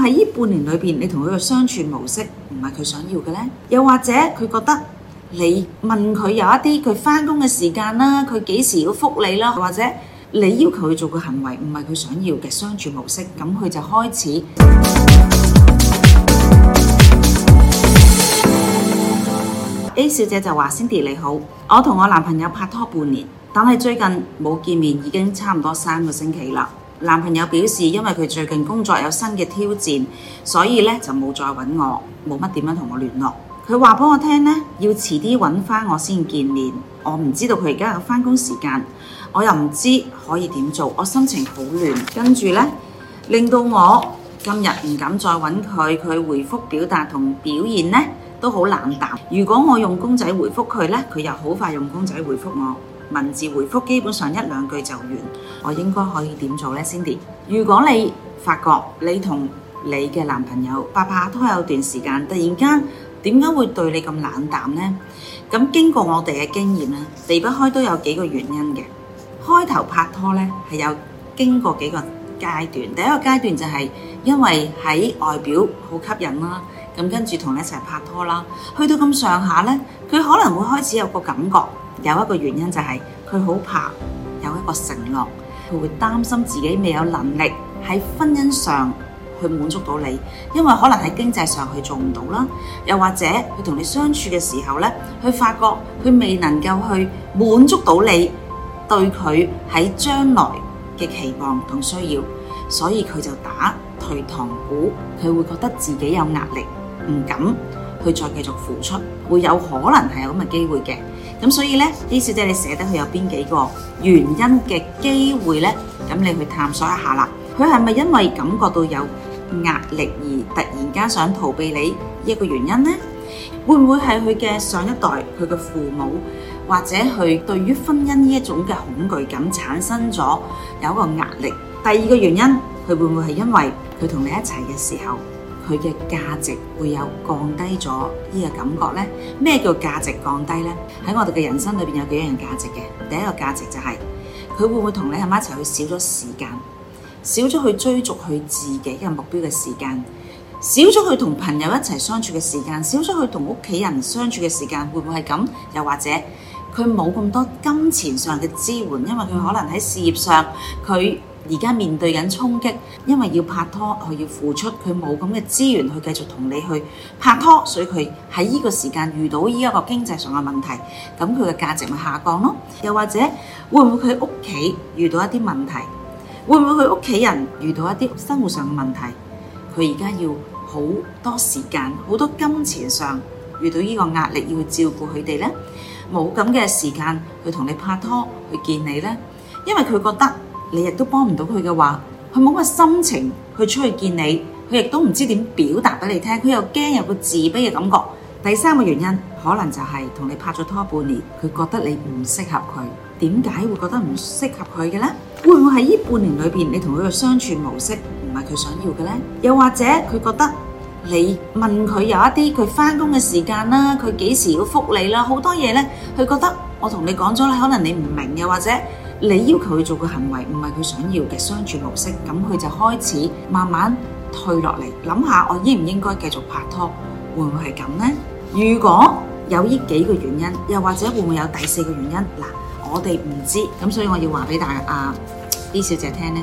喺呢半年裏面，你同佢嘅相處模式唔係佢想要嘅呢？又或者佢覺得你問佢有一啲佢返工嘅時間啦，佢幾時要覆你啦，或者你要求佢做嘅行為唔係佢想要嘅相處模式，咁佢就開始。 A 小姐就話：Cindy 你好，我同我男朋友拍拖半年，但係最近冇見面，已經差唔多三個星期啦。男朋友表示，因為佢最近工作有新嘅挑戰，所以呢就冇再揾我，冇乜點樣同我聯絡。佢話俾我聽呢，要遲啲揾返我先見面。我唔知道佢而家有返工時間，我又唔知可以點做，我心情好亂。跟住呢，令到我今日唔敢再揾佢，佢回覆表達同表現呢都好冷淡。如果我用公仔回覆佢呢，佢又好快用公仔回覆我。文字回覆基本上一兩句就完，我應該可以點做呢？Cindy，如果你發覺你同你嘅男朋友拍拍拖有段時間，突然間點解會對你咁冷淡呢？咁經過我哋嘅經驗咧，離不開都有幾個原因嘅。開頭拍拖咧係有經過幾個階段，第一個階段就係因為喺外表好吸引啦。咁跟住同你一齊拍拖啦，去到咁上下呢，佢可能會開始有個感覺，有一個原因就係佢好怕有一個承諾，佢會擔心自己未有能力喺婚姻上去滿足到你，因為可能喺經濟上佢做唔到啦，又或者佢同你相處嘅時候呢，佢發覺佢未能夠去滿足到你對佢喺將來嘅期望同需要，所以佢就打退堂鼓，佢會覺得自己有壓力。唔敢去再繼續付出，會有可能係有咁嘅機會嘅。咁所以呢，啲小姐你捨得佢有邊幾個原因嘅機會呢？咁你去探索一下啦。佢係咪因為感覺到有壓力而突然間想逃避你一個原因呢？會唔會係佢嘅上一代、佢嘅父母，或者佢對於婚姻呢一種嘅恐懼感產生咗有一個壓力？第二個原因，佢會唔會係因為佢同你一齊嘅時候？佢嘅價值會有降低咗呢個感覺呢？咩叫價值降低呢？喺我哋嘅人生裏邊有幾樣價值嘅？第一個價值就係，佢會唔會同你阿媽一齊去少咗時間，少咗去追逐佢自己嘅目標嘅時間，少咗去同朋友一齊相處嘅時間，少咗去同屋企人相處嘅時間，會唔會係咁？又或者佢冇咁多金錢上嘅支援，因為佢可能喺事業上佢。而家面對緊衝擊，因為要拍拖，佢要付出，佢冇咁嘅資源去繼續同你去拍拖，所以佢喺呢個時間遇到呢一個經濟上嘅問題，咁佢嘅價值咪下降咯？又或者會唔會佢屋企遇到一啲問題？會唔會佢屋企人遇到一啲生活上嘅問題？佢而家要好多時間、好多金錢上遇到呢個壓力，要去照顧佢哋呢？冇咁嘅時間去同你拍拖去見你呢？因為佢覺得。你亦都幫唔到佢嘅話，佢冇乜心情去出去見你，佢亦都唔知點表達俾你聽，佢又驚有個自卑嘅感覺。第三個原因可能就係同你拍咗拖半年，佢覺得你唔適合佢。點解會覺得唔適合佢嘅呢？會唔會喺呢半年裏面，你同佢嘅相處模式唔係佢想要嘅呢？又或者佢覺得你問佢有一啲佢返工嘅時間啦，佢幾時要覆你啦，好多嘢呢？佢覺得我同你講咗，可能你唔明，又或者。你要求佢做嘅行為唔係佢想要嘅相處模式，咁佢就開始慢慢退落嚟，諗下我應唔應該繼續拍拖，會唔會係咁咧？如果有呢幾個原因，又或者會唔會有第四個原因？嗱，我哋唔知，咁所以我要話俾大家，阿 B 小姐聽咧，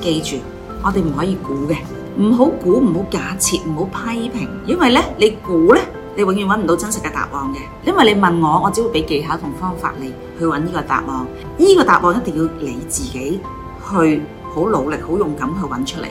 記住我哋唔可以估嘅，唔好估，唔好假設，唔好批評，因為咧你估咧。你永遠揾唔到真實嘅答案嘅，因為你問我，我只會俾技巧同方法你去揾呢個答案。呢個答案一定要你自己去好努力、好勇敢去揾出嚟。